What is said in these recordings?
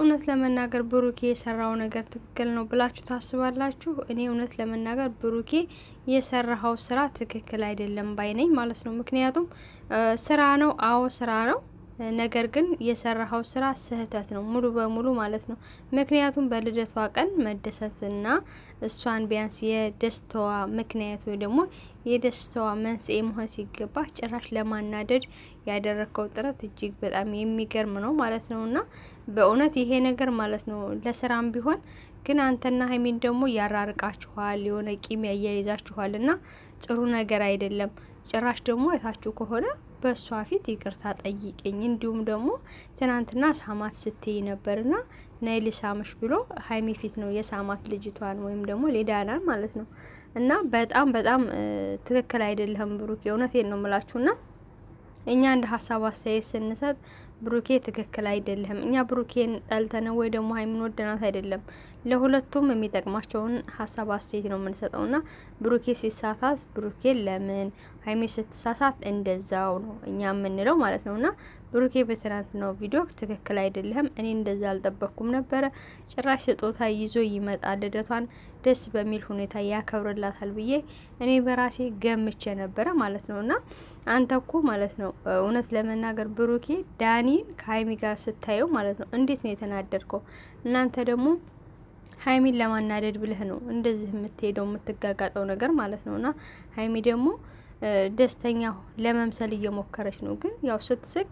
እውነት ለመናገር ብሩኬ የሰራው ነገር ትክክል ነው ብላችሁ ታስባላችሁ? እኔ እውነት ለመናገር ብሩኬ የሰራኸው ስራ ትክክል አይደለም ባይነኝ ማለት ነው። ምክንያቱም ስራ ነው፣ አዎ ስራ ነው። ነገር ግን የሰራኸው ስራ ስህተት ነው ሙሉ በሙሉ ማለት ነው። ምክንያቱም በልደቷ ቀን መደሰትና እሷን ቢያንስ የደስታዋ ምክንያት ወይ ደግሞ የደስታዋ መንስኤ መሆን ሲገባ ጭራሽ ለማናደድ ያደረግከው ጥረት እጅግ በጣም የሚገርም ነው ማለት ነው። እና በእውነት ይሄ ነገር ማለት ነው ለስራም ቢሆን ግን አንተና ሀይሚን ደግሞ ያራርቃችኋል፣ የሆነ ቂም ያያይዛችኋል እና ጥሩ ነገር አይደለም። ጭራሽ ደግሞ አይታችሁ ከሆነ በእሷ ፊት ይቅርታ ጠይቅኝ፣ እንዲሁም ደግሞ ትናንትና ሳማት ስትይ ነበርና ነይ ልሳምሽ ብሎ ሀይሚ ፊት ነው የሳማት ልጅቷን ወይም ደግሞ ሌዳናን ማለት ነው። እና በጣም በጣም ትክክል አይደለም ብሩክ፣ የእውነቴን ነው የምላችሁና እኛ እንደ ሀሳብ አስተያየት ስንሰጥ ብሩኬ ትክክል አይደለም። እኛ ብሩኬን ጠልተነው ወይ ደግሞ ሀይሚን ወደናት አይደለም። ለሁለቱም የሚጠቅማቸውን ሀሳብ አስተያየት ነው ና ብሩኬ ሲሳሳት ብሩኬ ለምን ሀይሚ ስትሳሳት እንደዛው ነው እኛ የምንለው ማለት ነውና ብሩኬ በትናንትናው ቪዲዮ ትክክል አይደለም፣ እኔ እንደዛ አልጠበቅኩም ነበረ። ጭራሽ ስጦታ ይዞ ይመጣል፣ ልደቷን ደስ በሚል ሁኔታ ያከብርላታል ብዬ እኔ በራሴ ገምቼ ነበረ ማለት ነው። እና አንተ እኮ ማለት ነው እውነት ለመናገር ብሩኬ ዳኒን ከሀይሚ ጋር ስታየው ማለት ነው እንዴት ነው የተናደድከው? እናንተ ደግሞ ሀይሚን ለማናደድ ብለህ ነው እንደዚህ የምትሄደው የምትጋጋጠው ነገር ማለት ነው። እና ሀይሚ ደግሞ ደስተኛ ለመምሰል እየሞከረች ነው፣ ግን ያው ስትስቅ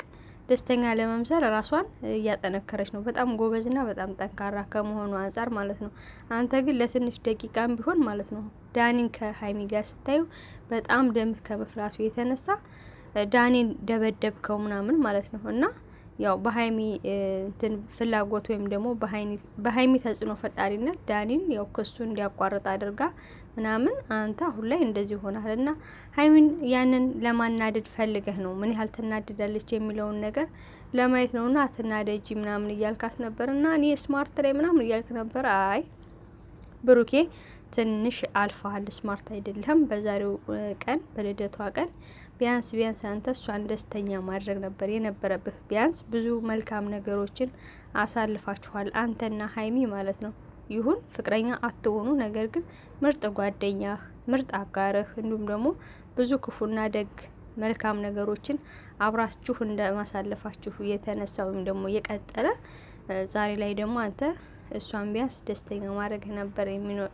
ደስተኛ ለመምሰል ራሷን እያጠነከረች ነው። በጣም ጎበዝና በጣም ጠንካራ ከመሆኑ አንጻር ማለት ነው። አንተ ግን ለትንሽ ደቂቃም ቢሆን ማለት ነው ዳኒን ከሀይሚ ጋር ስታዩ በጣም ደም ከመፍራቱ የተነሳ ዳኒን ደበደብከው ምናምን ማለት ነው እና ያው በሀይሚ እንትን ፍላጎት ወይም ደግሞ በሀይሚ ተጽዕኖ ፈጣሪነት ዳኒን ያው ክሱ እንዲያቋርጥ አድርጋ ምናምን አንተ አሁን ላይ እንደዚህ ሆናል እና ሀይሚን ያንን ለማናደድ ፈልገህ ነው ምን ያህል ትናደዳለች የሚለውን ነገር ለማየት ነው ና ትናደጂ ምናምን እያልካት ነበር እና እኔ ስማርት ላይ ምናምን እያልክ ነበር አይ ብሩኬ ትንሽ አልፈሃል ስማርት አይደለም በዛሬው ቀን በልደቷ ቀን ቢያንስ ቢያንስ አንተ እሷን ደስተኛ ማድረግ ነበር የነበረብህ። ቢያንስ ብዙ መልካም ነገሮችን አሳልፋችኋል አንተና ሀይሚ ማለት ነው። ይሁን ፍቅረኛ አትሆኑ፣ ነገር ግን ምርጥ ጓደኛህ፣ ምርጥ አጋርህ እንዲሁም ደግሞ ብዙ ክፉና ደግ መልካም ነገሮችን አብራችሁ እንደማሳለፋችሁ የተነሳ ወይም ደግሞ የቀጠለ ዛሬ ላይ ደግሞ አንተ እሷን ቢያስ ደስተኛ ማድረግ ነበር የሚኖር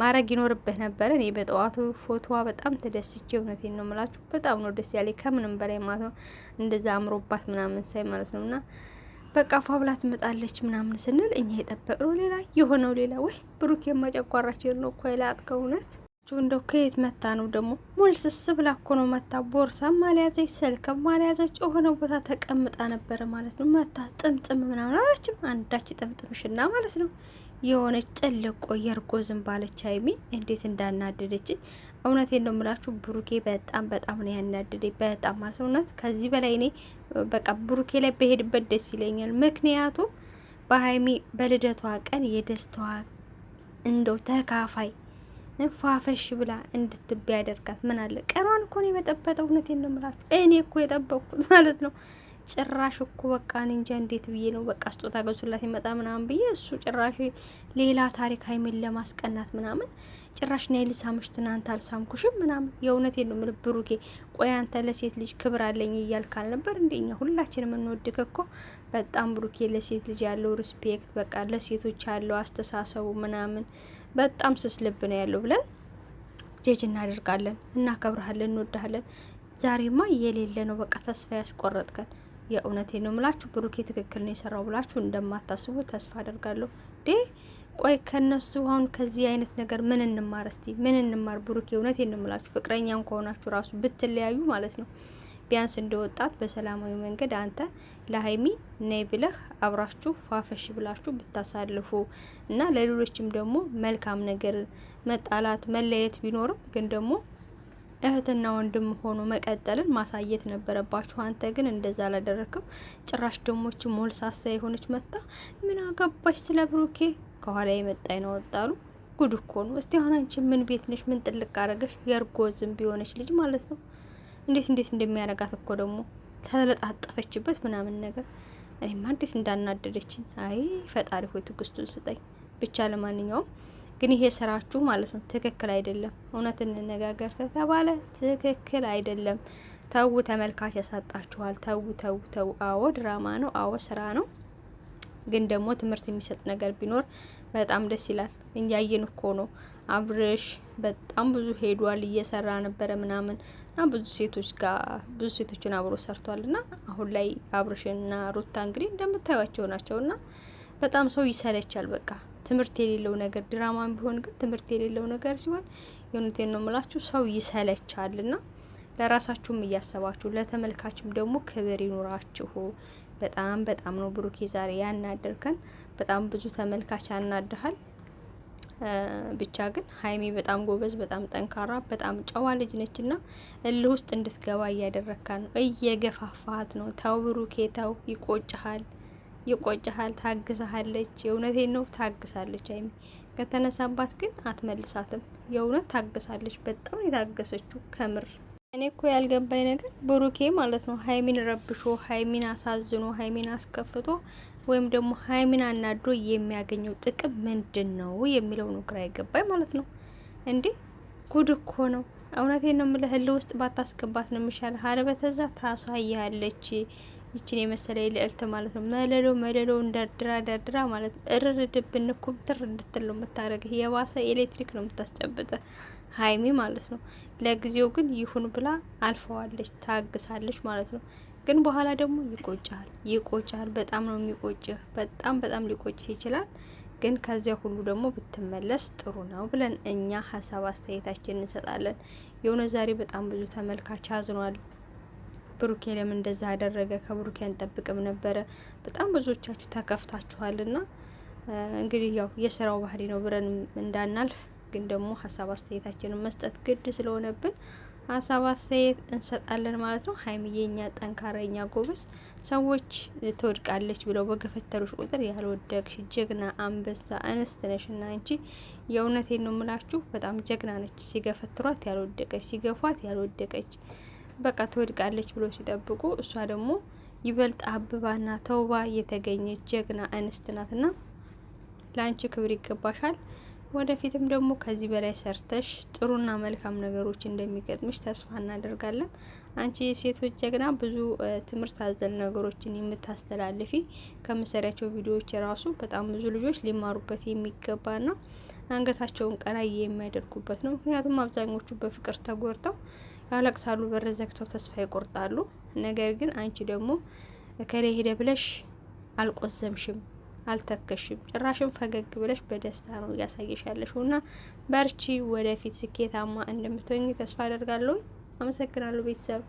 ማድረግ ይኖርብህ ነበረ። እኔ በጠዋቱ ፎቶዋ በጣም ተደስቼ እውነቴን ነው የምላችሁ፣ በጣም ነው ደስ ያለኝ ከምንም በላይ ማለት ነው። እንደዛ አምሮባት ምናምን ሳይ ማለት ነው እና በቃ ፋብላ ትመጣለች ምናምን ስንል እኛ የጠበቅነው ሌላ የሆነው ሌላ። ወይ ብሩክ የማጨጓራችን ነው እኮ ይላጥ ከእውነት እንደው ከየት መታ ነው ደግሞ? ሞልስስ ብላ እኮ ነው መታ። ቦርሳ አልያዘች፣ ስልክም አልያዘች። የሆነ ቦታ ተቀምጣ ነበረ ማለት ነው። መታ ጥምጥም ምናምን አለችም። አንዳች ጥምጥምሽና ማለት ነው የሆነች ጥልቆ የእርጎ ባለች ሀይሚ እንዴት እንዳናደደች እውነቴን ነው የምላችሁ። ብሩኬ በጣም በጣም ነው ያናደደኝ፣ በጣም ማለት ነው። እውነት ከዚህ በላይ እኔ በቃ ብሩኬ ላይ በሄድበት ደስ ይለኛል። ምክንያቱም በሀይሚ በልደቷ ቀን የደስታዋ እንደው ተካፋይ ፏፈሽ ብላ እንድትብ ያደርጋት ምን አለ ቀኗን እኮ ነው የበጠበጠው። እውነቴን ነው የምላችሁ እኔ እኮ የጠበቅኩት ማለት ነው። ጭራሽ እኮ በቃ እኔ እንጃ እንዴት ብዬ ነው በቃ ስጦታ ገዙላት ይመጣ ምናምን ብዬ እሱ ጭራሽ ሌላ ታሪክ ሀይሜን ለማስቀናት ምናምን ጭራሽ ና የልሳምሽ ትናንት አልሳምኩሽም ምናምን። የእውነቴን ነው የምልህ ብሩኬ፣ ቆይ አንተ ለሴት ልጅ ክብር አለኝ እያልክ አልነበር እንዴ? እኛ ሁላችን የምንወድክ እኮ በጣም ብሩኬ፣ ለሴት ልጅ ያለው ሪስፔክት፣ በቃ ለሴቶች ያለው አስተሳሰቡ ምናምን በጣም ስስ ልብ ነው ያለው ብለን ጄጅ እናደርጋለን፣ እናከብርሃለን፣ እንወድሃለን። ዛሬማ የሌለ ነው በቃ ተስፋ ያስቆረጥከን። የእውነቴ ነው ምላችሁ ብሩኬ ትክክል ነው የሰራው ብላችሁ እንደማታስቡ ተስፋ አደርጋለሁ። ዴ ቆይ ከነሱ አሁን ከዚህ አይነት ነገር ምን እንማር እስቲ? ምን እንማር? ብሩኬ እውነቴ ነው ምላችሁ ፍቅረኛም ከሆናችሁ ራሱ ብትለያዩ ማለት ነው ቢያንስ እንደወጣት ወጣት በሰላማዊ መንገድ አንተ ለሀይሚ ነይ ብለህ አብራችሁ ፋፈሽ ብላችሁ ብታሳልፉ እና ለሌሎችም ደግሞ መልካም ነገር መጣላት፣ መለየት ቢኖርም ግን ደግሞ እህትና ወንድም ሆኖ መቀጠልን ማሳየት ነበረባችሁ። አንተ ግን እንደዛ አላደረክም። ጭራሽ ደሞች ሞልሳሳ የሆነች መጣ ምን አገባሽ ስለ ብሩኬ ከኋላ የመጣ ይናወጣሉ። ጉድ እኮ ነው። እስቲ አሁን አንቺ ምን ቤት ነሽ? ምን ጥልቅ አረገሽ? የእርጎ ቢሆነች ልጅ ማለት ነው። እንዴት እንዴት እንደሚያረጋት እኮ ደግሞ ተለጣጠፈችበት ምናምን ነገር እኔም እንዴት እንዳናደደችኝ። አይ ፈጣሪ ሆይ ትግስቱን ስጠኝ ብቻ። ለማንኛውም ግን ይሄ ስራችሁ ማለት ነው ትክክል አይደለም። እውነት እንነጋገር ተተባለ ትክክል አይደለም። ተዉ፣ ተመልካች ያሳጣችኋል። ተዉ ተዉ ተዉ። አዎ ድራማ ነው፣ አዎ ስራ ነው። ግን ደግሞ ትምህርት የሚሰጥ ነገር ቢኖር በጣም ደስ ይላል። እያየን እኮ ነው አብርሽ በጣም ብዙ ሄዷል እየሰራ ነበረ ምናምን እና ብዙ ሴቶች ጋር ብዙ ሴቶችን አብሮ ሰርቷል እና አሁን ላይ አብርሽና ሩታ እንግዲህ እንደምታዩቸው ናቸው እና በጣም ሰው ይሰለቻል። በቃ ትምህርት የሌለው ነገር ድራማም ቢሆን ግን ትምህርት የሌለው ነገር ሲሆን የእውነቴን ነው የምላችሁ ሰው ይሰለቻል እና ለራሳችሁም እያሰባችሁ ለተመልካችም ደግሞ ክብር ይኑራችሁ። በጣም በጣም ነው ብሩኬ ዛሬ ያናደርከን። በጣም ብዙ ተመልካች አናድሃል ብቻ ግን ሀይሚ በጣም ጎበዝ፣ በጣም ጠንካራ፣ በጣም ጨዋ ልጅ ነች ና እልህ ውስጥ እንድትገባ እያደረግካ ነው፣ እየገፋፋት ነው። ተው ብሩኬ ተው፣ ይቆጭሃል፣ ይቆጭሃል። ታግሳሃለች። የእውነቴን ነው፣ ታግሳለች። ሀይሚ ከተነሳባት ግን አትመልሳትም። የእውነት ታግሳለች። በጣም የታገሰችው ከምር እኔ እኮ ያልገባኝ ነገር ብሩኬ ማለት ነው ሀይሚን ረብሾ ሀይሚን አሳዝኖ ሀይሚን አስከፍቶ ወይም ደግሞ ሀይሚን አናዶ የሚያገኘው ጥቅም ምንድን ነው የሚለው ነው ግራ ይገባኝ ማለት ነው። እንዴ ጉድ እኮ ነው። እውነቴን ነው የምልህ። ህል ውስጥ ባታስገባት ነው የሚሻል። አለበተዛ ታሳያለች። ይችን የመሰለ ልዕልት ማለት ነው መለሎ መለሎ እንደርድራ ደርድራ ማለት እርር ድብን ኩብትር እንድትል ነው የምታደርግህ። የባሰ ኤሌክትሪክ ነው የምታስጨብጠ ሀይሚ ማለት ነው። ለጊዜው ግን ይሁን ብላ አልፈዋለች፣ ታግሳለች ማለት ነው። ግን በኋላ ደግሞ ይቆጫል ይቆጫል በጣም ነው የሚቆጭህ። በጣም በጣም ሊቆጭህ ይችላል። ግን ከዚያ ሁሉ ደግሞ ብትመለስ ጥሩ ነው ብለን እኛ ሀሳብ አስተያየታችን እንሰጣለን። የሆነ ዛሬ በጣም ብዙ ተመልካች አዝኗል። ብሩኬ ለምን እንደዛ ያደረገ ከብሩኬ አንጠብቅም ነበረ። በጣም ብዙዎቻችሁ ና እንግዲህ ያው የስራው ባህሪ ነው ብለን እንዳናልፍ ግን ደግሞ ሀሳብ አስተያየታችንን መስጠት ግድ ስለሆነብን ሀሳብ አስተያየት እንሰጣለን ማለት ነው። ሀይሚዬ እኛ ጠንካራ እኛ ጎበዝ ሰዎች ትወድቃለች ብለው በገፈተሩች ቁጥር ያልወደቅሽ ጀግና አንበሳ እንስት ነሽ እና አንቺ የእውነቴ ነው ምላችሁ በጣም ጀግና ነች። ሲገፈትሯት ያልወደቀች፣ ሲገፏት ያልወደቀች በቃ ትወድቃለች ብሎ ሲጠብቁ እሷ ደግሞ ይበልጥ አብባና ተውባ የተገኘች ጀግና እንስት ናትና ለአንቺ ክብር ይገባሻል። ወደፊትም ደግሞ ከዚህ በላይ ሰርተሽ ጥሩና መልካም ነገሮች እንደሚገጥምሽ ተስፋ እናደርጋለን። አንቺ የሴቶች ጀግና፣ ብዙ ትምህርት አዘል ነገሮችን የምታስተላልፊ ከምሰሪያቸው ቪዲዮዎች ራሱ በጣም ብዙ ልጆች ሊማሩበት የሚገባና አንገታቸውን ቀና የሚያደርጉበት ነው። ምክንያቱም አብዛኞቹ በፍቅር ተጎድተው ያለቅሳሉ፣ በር ዘግተው ተስፋ ይቆርጣሉ። ነገር ግን አንቺ ደግሞ ከሌ ሄደ ብለሽ አልቆዘምሽም። አልተከሽም ጭራሽም ፈገግ ብለሽ በደስታ ነው እያሳየሽ ያለሽው እና በርቺ፣ ወደፊት ስኬታማ እንደምትሆኝ ተስፋ አደርጋለሁ። አመሰግናለሁ ቤተሰብ።